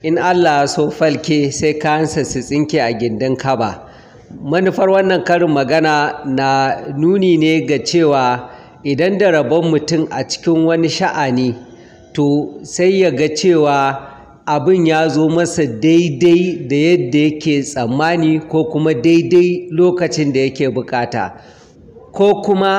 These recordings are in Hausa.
in Allah so falke sai kayansa su tsinke a gindin kaba manufar wannan karin magana na nuni ne ga cewa idan da rabon mutum a cikin wani sha'ani to sai ya ga cewa abin ya zo masa daidai da yadda yake tsammani ko kuma daidai lokacin da yake bukata ko kuma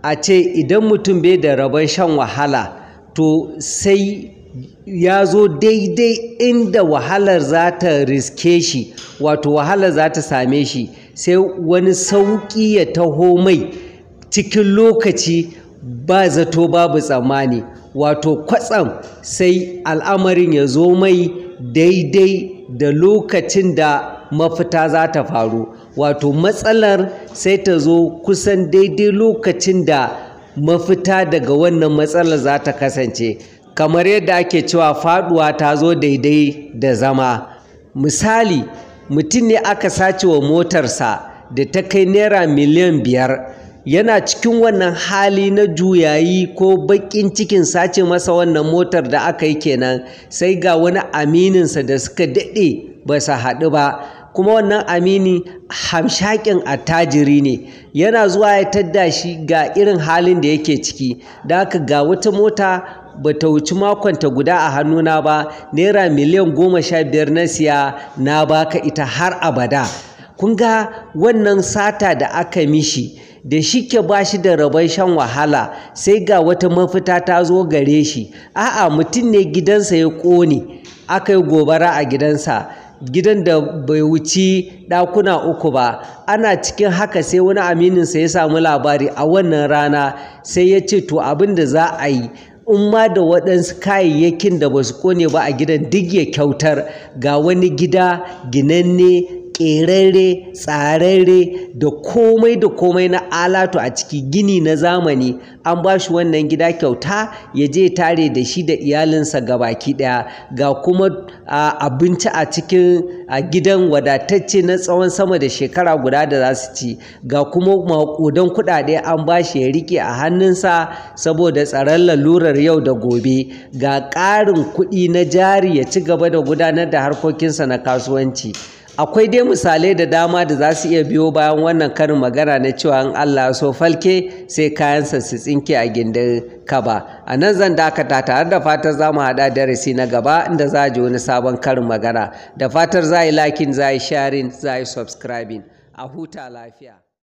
a ce idan mutum bai da rabon shan wahala to sai ya zo daidai inda wahalar za ta riske shi wato wahalar za ta same shi sai wani sauƙi ya taho mai cikin lokaci ba zato babu tsammani wato kwatsam sai al'amarin ya zo mai daidai da lokacin da mafita za ta faru wato matsalar sai ta zo kusan daidai lokacin da mafita daga wannan matsalar za ta kasance kamar yadda ake cewa faduwa ta zo daidai da zama misali mutum ne aka sace wa motarsa da ta kai naira miliyan biyar yana cikin wannan hali na juyayi ko baƙin cikin sace masa wannan motar da aka yi kenan sai ga wani amininsa da suka daɗe ba su haɗu ba kuma wannan amini hamshakin attajiri ne yana zuwa ya tadda shi ga irin halin da yake ciki da haka ga wata mota ba ta wuci makonta guda a hannuna ba naira miliyan goma sha biyar na siya na baka ita har abada kun ga wannan sata da aka mishi da shi ke ba shi da rabon shan wahala sai ga wata mafita ta zo gare shi a'a mutum ne gidansa ya ƙone aka yi gobara a gidansa gidan da bai wuci ɗakuna uku ba ana cikin haka sai wani amininsa ya samu labari a wannan rana sai ya ce to abin da za a yi in ma da waɗansu kayayyakin da ba su kone ba a gidan duk ya kyautar ga wani gida ginanne ƙerarre tsararre da komai da komai na alatu a ciki gini na zamani an ba shi wannan gida kyauta ya je tare da shi da iyalinsa ga baki ɗaya ga kuma abinci a cikin gidan wadatacce na tsawon sama da shekara guda da za su ci ga kuma maƙudan kuɗaɗe an ba shi ya riƙe a hannunsa saboda tsaron lalurar yau da gobe ga ƙarin kuɗi na jari ya ci gaba da gudanar da harkokinsa na kasuwanci akwai dai misalai da dama da za su iya biyo bayan wannan karin magana na cewa in Allah so falke sai kayansa su tsinke a gindin kaba a nan zan dakata tare da fatar za mu haɗa darasi na gaba inda za a ji wani sabon karin magana da fatar za yi lakin za yi sharing za yi subscribing a huta lafiya